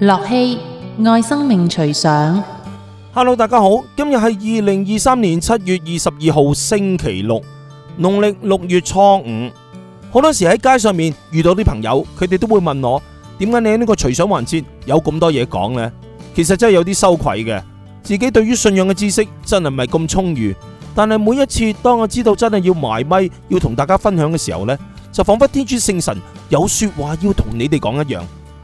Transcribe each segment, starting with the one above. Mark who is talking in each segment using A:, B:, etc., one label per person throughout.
A: 駱曦愛生命隨想，Hello，大家好，今日係二零二三年七月二十二號星期六，農曆六月初五。好多時喺街上面遇到啲朋友，佢哋都會問我，「點解你喺呢個隨想環節有咁多嘢講呢？」其實真係有啲羞愧嘅，自己對於信仰嘅知識真係唔係咁充裕。但係每一次當我知道真係要埋咪要同大家分享嘅時候呢，就仿佛天主聖神有說話要同你哋講一樣。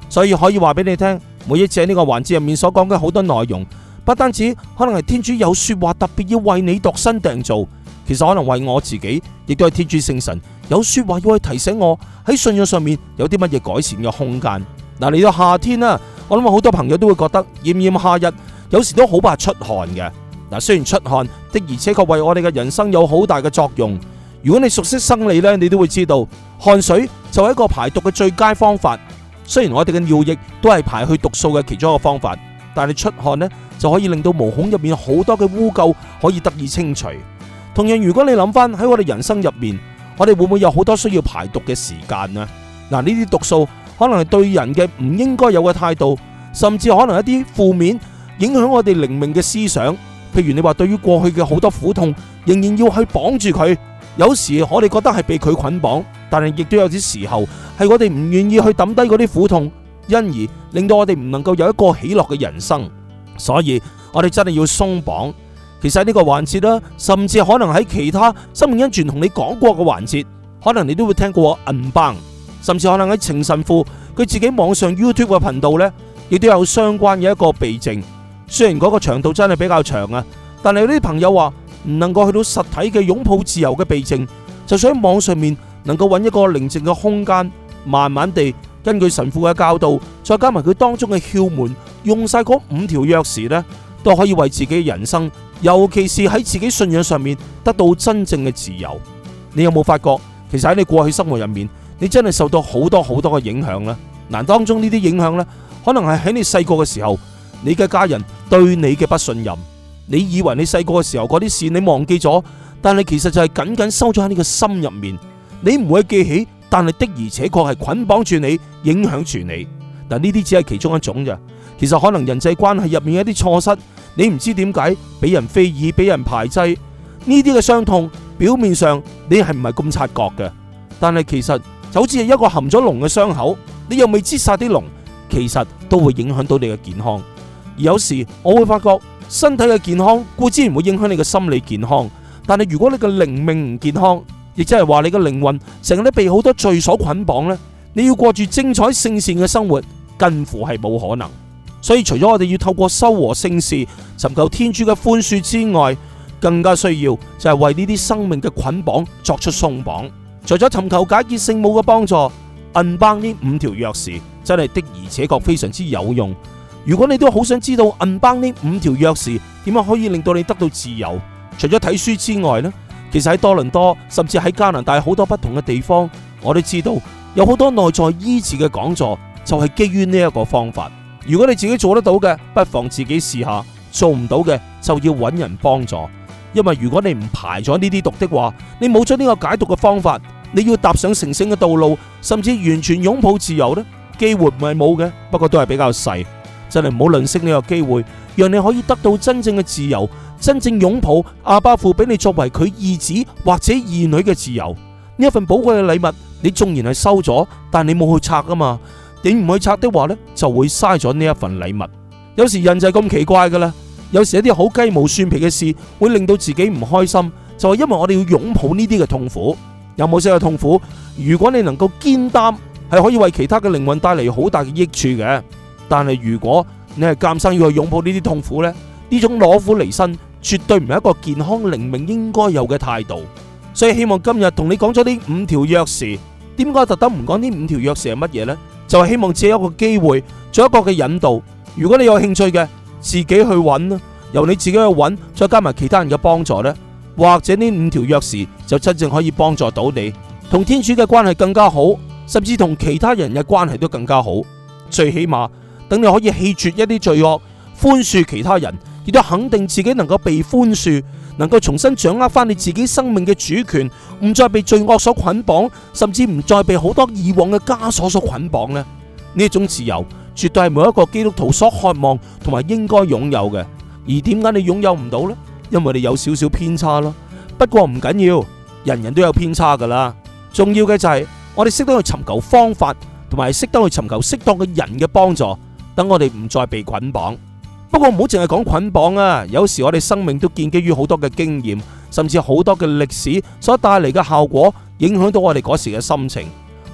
A: 所以可以話俾你聽，每一次喺呢個環節入面所講嘅好多內容，不單止可能係天主有說話，特別要為你度身訂造，其實可能為我自己，亦都係天主聖神有說話要去提醒我喺信仰上面有啲乜嘢改善嘅空間。嗱，嚟到夏天啦，我諗好多朋友都會覺得炎炎夏日，有時都好怕出汗嘅。嗱，雖然出汗的而且確為我哋嘅人生有好大嘅作用。如果你熟悉生理呢，你都會知道，汗水就係一個排毒嘅最佳方法。雖然我哋嘅尿液都係排去毒素嘅其中一個方法，但係你出汗呢，就可以令到毛孔入面好多嘅污垢可以得以清除。同樣，如果你諗翻喺我哋人生入面，我哋會唔會有好多需要排毒嘅時間呢？嗱，呢啲毒素可能係對人嘅唔應該有嘅態度，甚至可能一啲負面影響我哋靈命嘅思想。譬如你話對於過去嘅好多苦痛，仍然要去綁住佢。有時我哋覺得係被佢捆綁，但係亦都有啲時候係我哋唔願意去抌低嗰啲苦痛，因而令到我哋唔能夠有一個喜樂嘅人生。所以我哋真係要鬆綁。其實呢個環節啦，甚至可能喺其他生命恩泉同你講過嘅環節，可能你都會聽過 Unbound，甚至可能喺情神父佢自己網上 YouTube 嘅頻道呢，亦都有相關嘅一個備證。雖然嗰個長度真係比較長啊，但係呢啲朋友話。唔能夠去到實體嘅擁抱自由嘅避靜，就想喺網上面能夠揾一個寧靜嘅空間，慢慢地根據神父嘅教導，再加埋佢當中嘅竅門，用晒嗰五條鑰匙咧，都可以為自己嘅人生，尤其是喺自己信仰上面得到真正嘅自由。你有冇發覺，其實喺你過去生活入面，你真係受到好多好多嘅影響咧？嗱，當中呢啲影響咧，可能係喺你細個嘅時候，你嘅家人對你嘅不信任。你以為你細個嘅時候嗰啲事，你忘記咗，但係其實就係緊緊收咗喺你個心入面。你唔會記起，但係的而且確係捆綁住你，影響住你。嗱，呢啲只係其中一種咋。其實可能人際關係入面一啲錯失，你唔知點解俾人非議，俾人排擠呢啲嘅傷痛，表面上你係唔係咁察覺嘅，但係其實就好似係一個含咗龍嘅傷口，你又未知殺啲龍，其實都會影響到你嘅健康。而有時我會發覺。身體嘅健康固然會影響你嘅心理健康，但係如果你嘅靈命唔健康，亦即係話你嘅靈魂成日都被好多罪所捆綁呢，你要過住精彩聖善嘅生活，近乎係冇可能。所以除咗我哋要透過修和聖事尋求天主嘅寬恕之外，更加需要就係為呢啲生命嘅捆綁作出鬆綁。除咗尋求解結聖母嘅幫助，Unbound 呢五條鑰匙真係的，的而且確非常之有用。如果你都好想知道 Unbound 呢五條鑰匙點樣可以令到你得到自由，除咗睇書之外呢，其實喺多倫多甚至喺加拿大好多不同嘅地方，我都知道有好多內在醫治嘅講座，就係基於呢一個方法。如果你自己做得到嘅，不妨自己試下；做唔到嘅就要揾人幫助。因為如果你唔排咗呢啲毒的話，你冇咗呢個解毒嘅方法，你要踏上成聖嘅道路，甚至完全擁抱自由呢，機會唔係冇嘅。不過都係比較細。真係唔好吝嗇呢個機會，讓你可以得到真正嘅自由，真正擁抱阿巴父俾你作為佢義子或者義女嘅自由。呢一份寶貴嘅禮物，你縱然係收咗，但你冇去拆啊嘛。你唔去拆的話呢，就會嘥咗呢一份禮物。有時人就係咁奇怪噶啦，有時一啲好雞毛蒜皮嘅事會令到自己唔開心，就係、是、因為我哋要擁抱呢啲嘅痛苦。有冇少嘅痛苦？如果你能夠肩擔，係可以為其他嘅靈魂帶嚟好大嘅益處嘅。但係，如果你係監生要去擁抱呢啲痛苦呢，呢種攞苦離身絕對唔係一個健康靈命應該有嘅態度。所以希望今日同你講咗呢五條鑰匙，點解特登唔講呢五條鑰匙係乜嘢呢？就係、是、希望借一個機會，做一個嘅引導。如果你有興趣嘅，自己去揾啦，由你自己去揾，再加埋其他人嘅幫助呢，或者呢五條鑰匙就真正可以幫助到你，同天主嘅關係更加好，甚至同其他人嘅關係都更加好。最起碼。等你可以棄絕一啲罪惡，寬恕其他人，亦都肯定自己能夠被寬恕，能夠重新掌握返你自己生命嘅主權，唔再被罪惡所捆綁，甚至唔再被好多以往嘅枷鎖所捆綁呢。呢一種自由絕對係每一個基督徒所渴望同埋應該擁有嘅。而點解你擁有唔到呢？因為你有少少偏差咯。不過唔緊要，人人都有偏差㗎喇。重要嘅就係我哋識得去尋求方法，同埋識得去尋求適當嘅人嘅幫助。等我哋唔再被捆綁，不過唔好淨係講捆綁啊。有時我哋生命都建基於好多嘅經驗，甚至好多嘅歷史所帶嚟嘅效果，影響到我哋嗰時嘅心情。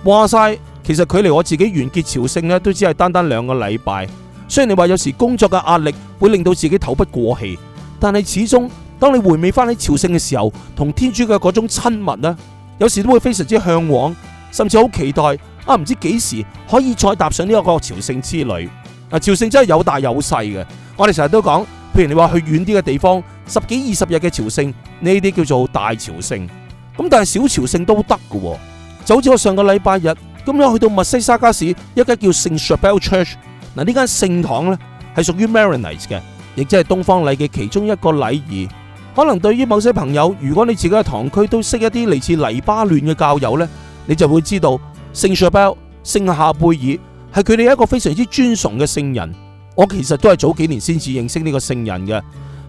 A: 話晒，其實距離我自己完結朝聖呢，都只係單單兩個禮拜。雖然你話有時工作嘅壓力會令到自己透不過氣，但係始終當你回味翻喺朝聖嘅時候，同天主嘅嗰種親密呢，有時都會非常之嚮往，甚至好期待啊！唔知幾時可以再踏上呢一個朝聖之旅。嗱，朝聖真係有大有細嘅。我哋成日都講，譬如你話去遠啲嘅地方，十幾二十日嘅朝聖，呢啲叫做大朝聖。咁但係小朝聖都得嘅，就好似我上個禮拜日咁樣去到墨西沙加市一間叫聖 Shabelle Church，嗱呢間聖堂呢係屬於 Maronite 嘅，亦即係東方禮嘅其中一個禮儀。可能對於某些朋友，如果你自己嘅堂區都識一啲嚟自黎巴嫩嘅教友呢，你就會知道聖 Shabelle 聖夏貝爾。係佢哋一個非常之尊崇嘅聖人，我其實都係早幾年先至認識呢個聖人嘅。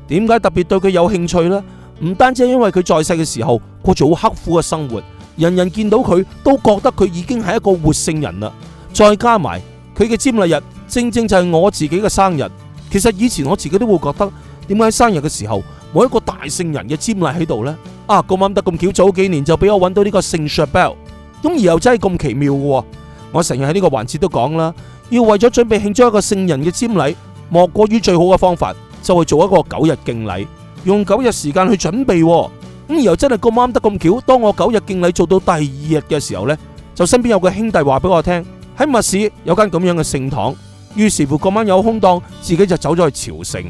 A: 點解特別對佢有興趣呢？唔單止係因為佢在世嘅時候過住好刻苦嘅生活，人人見到佢都覺得佢已經係一個活聖人啦。再加埋佢嘅瞻禮日，正正就係我自己嘅生日。其實以前我自己都會覺得，點解生日嘅時候冇一個大聖人嘅瞻禮喺度呢？啊，咁啱得咁巧，早幾年就俾我揾到呢個聖 Charbel，咁而又真係咁奇妙嘅。我成日喺呢個環節都講啦，要為咗準備慶祝一個聖人嘅瞻禮，莫過於最好嘅方法就會做一個九日敬禮，用九日時間去準備。咁、嗯、又真係咁啱得咁巧，當我九日敬禮做到第二日嘅時候呢，就身邊有個兄弟話俾我聽，喺密市有間咁樣嘅聖堂。於是乎，個晚有空檔，自己就走咗去朝聖。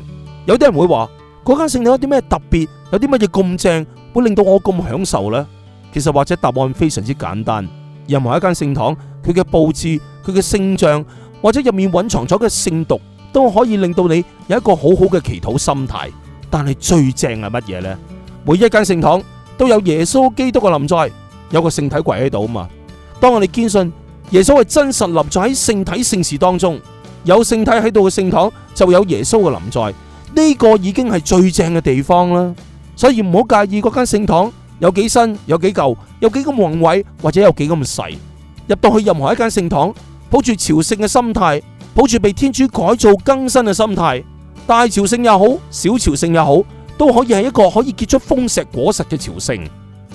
A: 有啲人會話嗰間聖堂有啲咩特別，有啲乜嘢咁正，會令到我咁享受呢？其實或者答案非常之簡單。任何一間聖堂，佢嘅佈置、佢嘅聖像或者入面隱藏咗嘅聖髑，都可以令到你有一個好好嘅祈禱心態。但係最正係乜嘢呢？每一間聖堂都有耶穌基督嘅臨在，有個聖體櫃喺度啊嘛。當我哋堅信耶穌係真實臨在喺聖體聖事當中，有聖體喺度嘅聖堂，就會有耶穌嘅臨在。呢個已經係最正嘅地方啦。所以唔好介意嗰間聖堂。有幾新，有幾舊，有幾咁宏偉，或者有幾咁細，入到去任何一間聖堂，抱住朝聖嘅心態，抱住被天主改造更新嘅心態，大朝聖也好，小朝聖也好，都可以係一個可以結出豐碩果實嘅朝聖。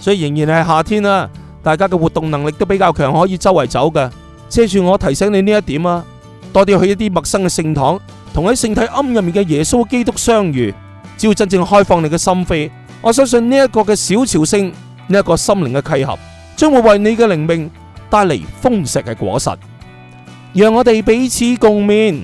A: 所以仍然係夏天啦，啊，大家嘅活動能力都比較強，可以周圍走嘅。借住我提醒你呢一點啊，多啲去一啲陌生嘅聖堂，同喺聖體龕入面嘅耶穌基督相遇。只要真正開放你嘅心扉。我相信呢一個嘅小潮聲，呢一個心靈嘅契合，將會為你嘅靈命帶嚟豐碩嘅果實。讓我哋彼此共勉。